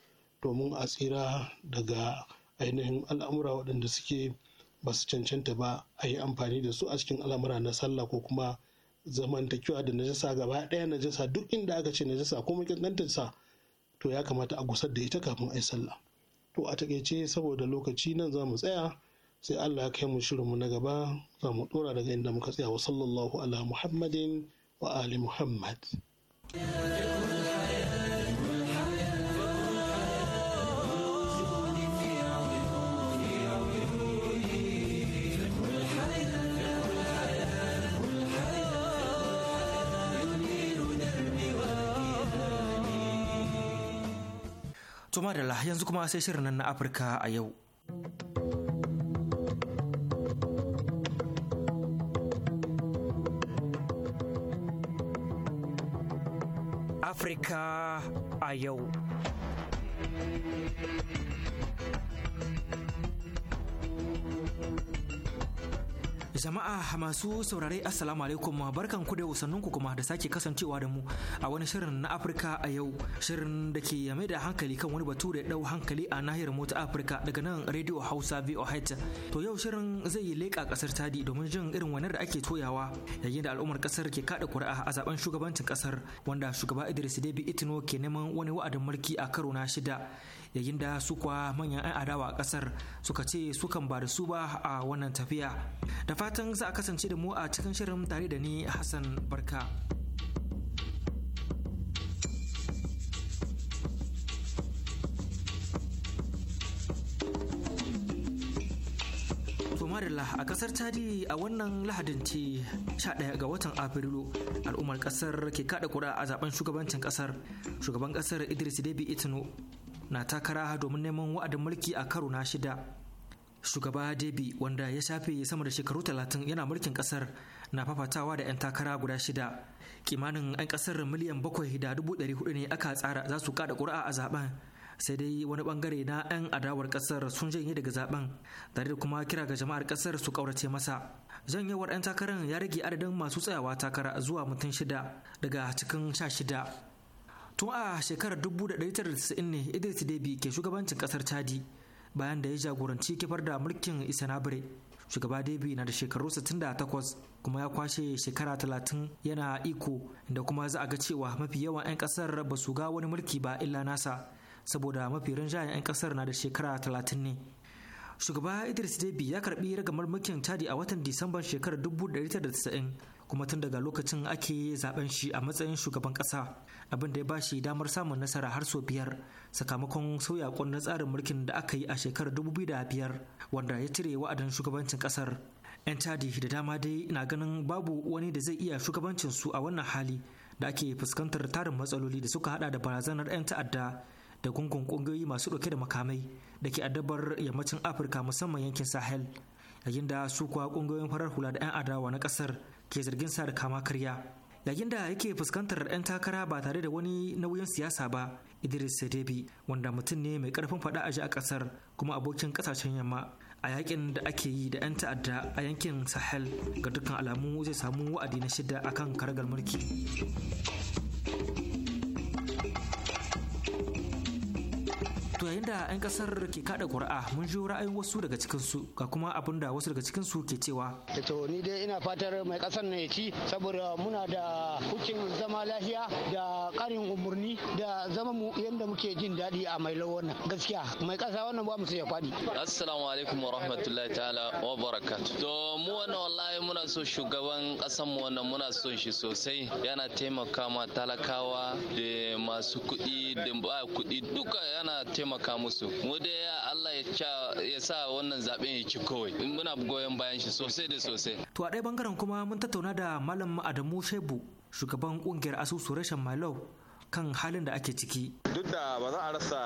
domin a tsira daga ainihin al'amura waɗanda suke ba su cancanta ba a yi amfani da su a cikin al'amura na sallah ko kuma zamantakewa da najasa gaba ɗaya najasa duk inda aka ce najasa ko makankantar sa to ya kamata a gusar da ita kafin a yi sallah to a takaice saboda lokaci nan za mu tsaya sai Allah ya kai mu shirin mu na gaba za mu dora daga inda muka tsaya wa sallallahu ala muhammadin wa ali muhammad To da yanzu kuma sai shirin nan na Afirka a yau. Afirka a yau. Jama'a masu saurare Assalamu alaikum barkan ku da wasannin ku kuma da sake kasancewa da mu a wani shirin na Afirka a yau shirin da ke mai da hankali kan wani batu da ya dau hankali a nahiyar mota Afirka daga nan Radio Hausa VOH to yau shirin zai yi leƙa kasar Tadi domin jin irin wanar da ake toyawa yayin da al'ummar kasar ke kada kuri'a a zaben shugabancin kasar wanda shugaba Idris debi Itno ke neman wani wa'adin mulki a karo na shida yayin da su kwa manyan 'yan adawa a kasar suka ce sukan ba da su ba a wannan tafiya da fatan za a kasance da mu a cikin shirin tare da ni hassan barka a kasar Chadi a wannan lahadin ce 11 ga watan Afrilu al'ummar kasar ke kada kura a zaben shugabancin kasar. Shugaban kasar Idris debi Itno na takara domin neman wa'adin mulki a karo na shida shugaba debi wanda ya shafe sama da shekaru talatin yana mulkin kasar na fafatawa da 'yan takara guda shida kimanin 'yan kasar miliyan bakwai da dubu dari hudu ne aka tsara za su kada ƙuri'a a zaben sai dai wani bangare na 'yan adawar kasar sun janye daga zaben tare da kuma kira ga jama'ar kasar su kaurace masa janyewar 'yan takarar ya rage adadin masu tsayawa takara zuwa mutum shida daga cikin sha shida tun a shekarar 1990 ne idris debi ke shugabancin kasar chadi bayan da ya jagoranci kifar da mulkin isanabre shugaba debi na da shekaru 68 kuma ya kwashe shekara 30 yana iko da kuma za a ga cewa mafi yawan 'yan kasar ba su ga wani mulki ba illa nasa saboda mafi rinjayen 'yan kasar na da shekara 30 ne shugaba idris debi ya karbi ragamar mulkin chadi a watan disamban shekarar 1990 kuma tun daga lokacin ake zaben shi a matsayin shugaban kasa abin da ya ba shi damar samun nasara har sau biyar sakamakon sauya na tsarin mulkin da aka yi a shekarar 2005 wanda ya cire wa'adin shugabancin kasar 'yan cadi da dama dai na ganin babu wani da zai iya shugabancin su a wannan hali da ake fuskantar tarin matsaloli da suka hada da barazanar 'yan ta'adda da gungun kungiyoyi masu dauke da makamai da ke addabar yammacin afirka musamman yankin sahel yayin da su kuwa kungiyoyin farar hula da 'yan adawa na kasar ke zargin sa da kama karya yayin da yake fuskantar 'yan takara ba tare da wani nauyin siyasa ba idris sadebi wanda mutum ne mai karfin faɗa a a ƙasar kuma abokin ƙasashen yamma a yakin da ake yi da 'yan ta'adda a yankin sahel ga dukkan alamu zai samu wa'adi na shida akan karagar mulki To yayin da 'yan kasar ke kada ƙuri'a mun ji ra'ayin wasu daga cikinsu ga kuma abin da wasu daga su ke cewa. Eh, to ni dai ina fatar mai kasar na ya ci saboda muna da hukin zama lafiya da ƙarin umarni da zama mu yadda muke jin daɗi a mai wannan gaskiya mai ƙasa wannan ba mu sai ya faɗi. Assalamu alaikum wa rahmatullahi ta'ala wa barakatu. To mu wannan wallahi muna so shugaban ƙasar mu wannan muna so shi sosai yana taimaka ma talakawa da masu kuɗi da ba kuɗi duka yana taimaka taimaka musu mu dai Allah ya sa wannan zaben ya ci kawai muna goyon bayan shi sosai da sosai to a ɗaya bangaren kuma mun tattauna da malam Adamu Shebu shugaban kungiyar asusu rashin malau kan halin da ake ciki. Duk da ba za a rasa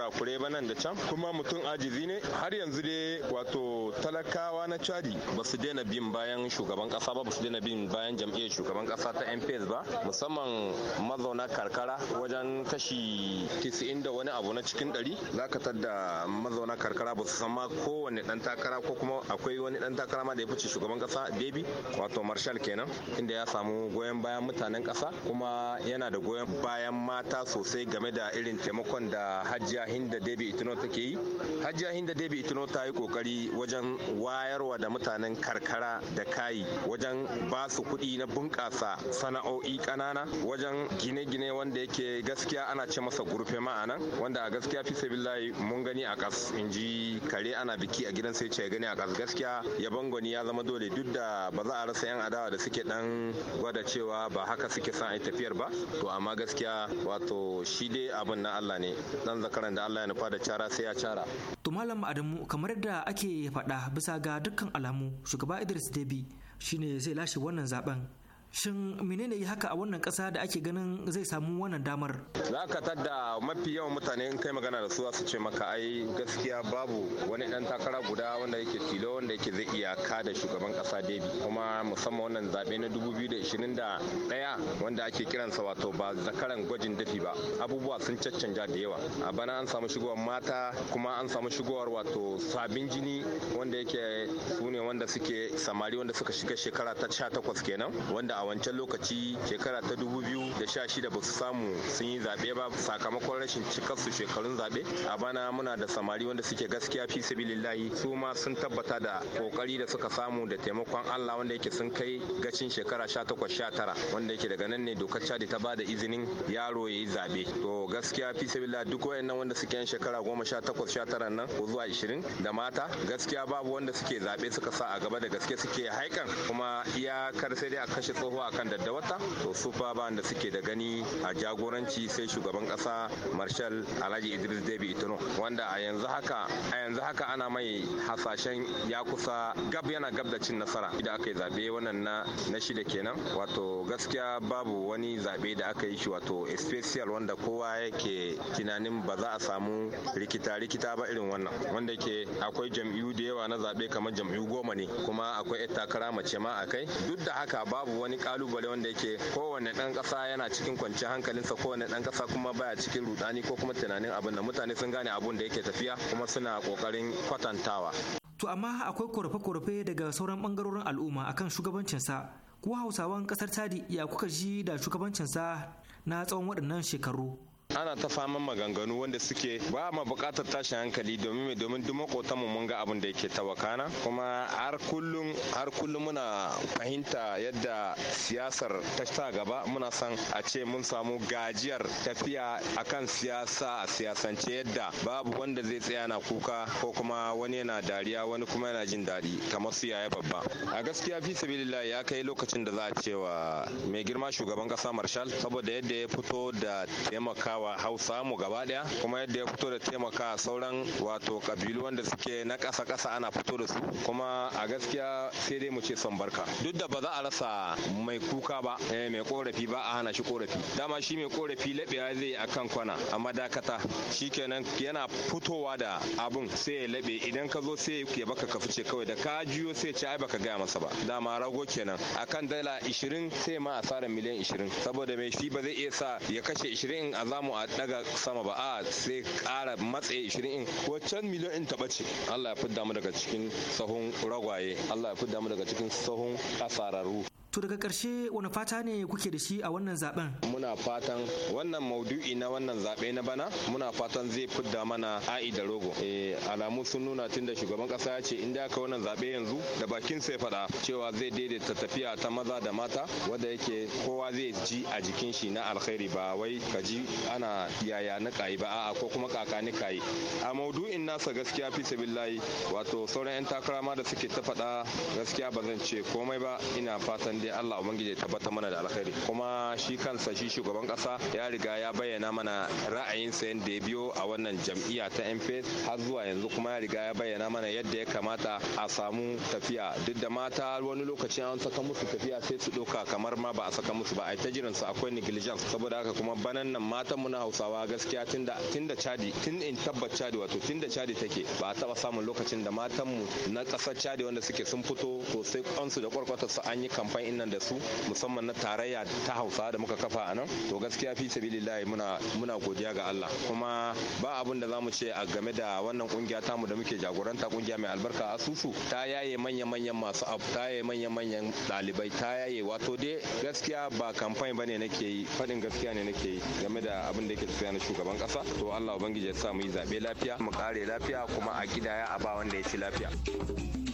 kurakurai ba nan da can kuma mutum ajizi ne har yanzu dai wato talakawa na chadi ba su daina bin bayan shugaban kasa ba ba su daina bin bayan jam'iyyar shugaban kasa ta mps ba musamman mazauna karkara wajen kashi 90 da wani abu na cikin 100 za ka tadda mazauna karkara ba su san ma kowane dan takara ko kuma akwai wani dan takara ma da ya fice shugaban kasa debi wato marshal kenan inda ya samu goyon bayan mutanen kasa kuma yana da goyon bayan mata sosai game da irin taimakon da hajiya hinda debi itino take yi hajiya hinda debi itino ta yi kokari wajen wayarwa da mutanen karkara da kayi wajen ba su kuɗi na bunƙasa sana'o'i ƙanana wajen gine-gine wanda yake gaskiya ana ce masa gurfe ma'ana wanda a gaskiya fi sabillahi mun gani a kas in ji kare ana biki a gidan sai ce gani a kas gaskiya yabon gwani ya zama dole duk da ba za a rasa yan adawa da suke dan gwada cewa ba haka suke son a tafiyar ba to amma gaskiya wato shi dai abin na Allah ne dan zakaran da Allah ya nufa da cara sai ya cara. To Malam Adamu kamar da ake faɗa bisa ga dukkan alamu shugaba Idris shi shine zai lashe wannan zaben Shin menene yi haka a wannan kasa da ake ganin zai samu wannan damar? Za ka tadda mafi yawan mutane in kai magana da su su ce maka ai gaskiya babu wani dan takara guda wanda yake tilo wanda yake zai iya da shugaban kasa Debi kuma musamman wannan zabe na 2021 wanda ake kiransa wato ba zakaran gwajin dafi ba abubuwa sun caccanja da yawa a bana an samu shigowar mata kuma an samu shigowar wato sabin jini wanda yake su ne wanda suke samari wanda suka shiga shekara ta 18 kenan wanda a wancan lokaci shekara ta dubu biyu da sha shida ba su samu sun yi zaɓe ba sakamakon rashin cikarsu shekarun zaɓe a bana muna da samari wanda suke gaskiya fi sabilillahi su ma sun tabbata da kokari da suka samu da taimakon Allah wanda yake sun kai gacin shekara sha takwas sha tara wanda yake daga nan ne dokar cadi ta bada izinin yaro ya yi zaɓe to gaskiya fi sabilillahi duk wayannan wanda suke yan shekara goma sha takwas sha tara nan ko zuwa ishirin da mata gaskiya babu wanda suke zaɓe suka sa a gaba da gaske suke haikan kuma iyakar sai dai a kashe tsohon a kan daddawata to su fa ba da suke da gani a jagoranci sai shugaban kasa marshal alhaji idris debi itino wanda a yanzu haka a yanzu haka ana mai hasashen ya kusa gab yana gab da cin nasara idan aka yi zabe wannan na na shida kenan wato gaskiya babu wani zabe da aka yi shi wato special wanda kowa yake tunanin ba za a samu rikita rikita ba irin wannan wanda ke akwai jam'iyyu da yawa na zabe kamar jam'iyyu goma ne kuma akwai takara mace ma akai duk da haka babu wani kalubale wanda yake kowane dan kasa yana cikin kwanciyar hankalinsa kowane dan kasa kuma baya cikin rudani ko kuma tunanin abin da mutane sun gane abun da yake tafiya kuma suna kokarin kwatantawa to amma akwai korafe-korafe daga sauran bangarorin al'umma akan shugabancinsa ko hausawan kasar tadi ya kuka ji da shugabancinsa na tsawon waɗannan shekaru ana ta faman maganganu wanda suke ba ma buƙatar tashin hankali domin mai domin duk mu mun ga abin da yake ta wakana kuma har kullum har kullum muna fahimta yadda siyasar ta ta gaba muna san a ce mun samu gajiyar tafiya akan siyasa a siyasance yadda babu wanda zai tsaya na kuka ko kuma wani yana dariya wani kuma yana jin daɗi kamar su yaya babba a gaskiya fi sabilillah ya kai lokacin da za a cewa mai girma shugaban kasa marshal saboda yadda ya fito da taimakawa wa hausa mu gaba daya kuma yadda ya fito da taimaka sauran wato kabilu wanda suke na ƙasa ƙasa ana fito da su kuma a gaskiya sai dai mu ce son barka duk da ba za a rasa mai kuka ba eh, mai korafi ba a hana shi korafi dama shi mai korafi laɓewa zai akan kwana a madakata shikenan yana fitowa da abun sai ya laɓe idan ka zo sai ya baka ka fice kawai da ka juyo sai ce ai baka gaya masa ba dama rago kenan akan dala 20 sai ma asarar miliyan 20 saboda mai shi ba zai iya sa ya kashe 20 in a zamu A daga sama ba a sai ƙara matse 20 in waccan miliyon in taɓa ce Allah ya fidda mu daga cikin sahun ragwaye Allah ya fidda mu daga cikin sahun kasararru To daga ƙarshe wani fata ne kuke da shi a wannan zaben? Muna fatan wannan maudu'i na wannan zaɓe na bana muna fatan zai fidda mana a'i da rogo. e alamu sun nuna tun da shugaban ƙasa ya ce in da aka wannan zaɓe yanzu da bakin sai faɗa cewa zai daidaita tafiya ta maza da mata wanda yake kowa zai ji a jikin shi na alkhairi ba wai ka ji ana yaya na kayi ba a'a ko kuma kaka ni kayi. A maudu'in nasa gaskiya fi sabillahi wato sauran 'yan takara ma da suke ta faɗa gaskiya ba zan ce komai ba ina fatan fatan dai Allah ubangiji ya tabbata mana da alkhairi kuma shi kansa shi shugaban kasa ya riga ya bayyana mana ra'ayinsa yadda ya biyo a wannan jam'iyya ta MPS har zuwa yanzu kuma ya riga ya bayyana mana yadda ya kamata a samu tafiya duk da mata wani lokaci an saka musu tafiya sai su doka kamar ma ba a saka musu ba a ta jiran su akwai negligence saboda haka kuma banan nan matan na Hausawa gaskiya tunda tunda Chadi tun in tabbata Chadi wato tunda Chadi take ba a taba samun lokacin da matanmu mu na ƙasar cadi wanda suke sun fito to sai kansu da kwarkwatar su an yi kamfan in nan da su musamman na tarayya ta hausa da muka kafa a nan to gaskiya fi sabilillahi muna muna godiya ga Allah kuma ba abin da zamu ce a game da wannan kungiya ta mu da muke jagoranta kungiya mai albarka asusu ta yaye manya manyan masu abu ta yaye manya manyan dalibai ta yaye wato dai gaskiya ba kamfani bane nake yi fadin gaskiya ne nake yi game da abin da yake tafiya na shugaban kasa to Allah ubangiji ya sa mu yi zaɓe lafiya mu kare lafiya kuma a gidaya a ba wanda ya ci lafiya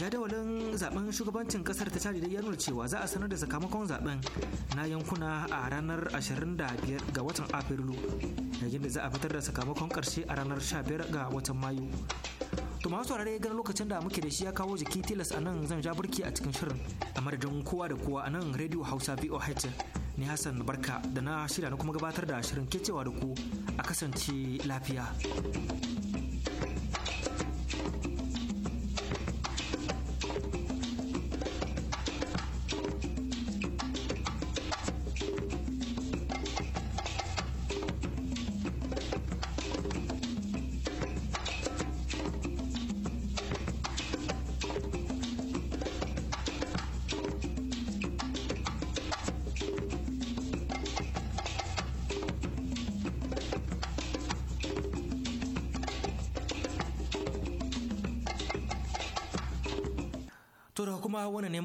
jadawalin zaben shugabancin kasar ta cari ya nuna cewa za a sanar da sakamakon zaben na yankuna a ranar 25 ga watan afrilu yayin da za a fitar da sakamakon karshe a ranar 15 ga watan mayu to masu saurare ganin lokacin da muke da shi ya kawo jiki tilas a nan zan ja burki a cikin shirin a madadin kowa da kowa a nan radio hausa voh ne hassan barka da na shirya na kuma gabatar da shirin ke cewa da ku a kasance lafiya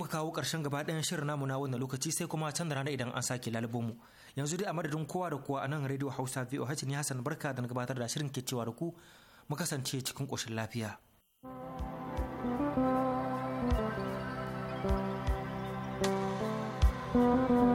muka kawo ƙarshen gaba ɗayan shirin namu na wannan lokaci sai kuma can da rana idan an sake lalubo mu yanzu dai a madadin kowa da kowa a nan radio hausa voh ne hassan barka da gabatar da shirin ke cewa da ku mu kasance cikin ƙoshin lafiya. thank you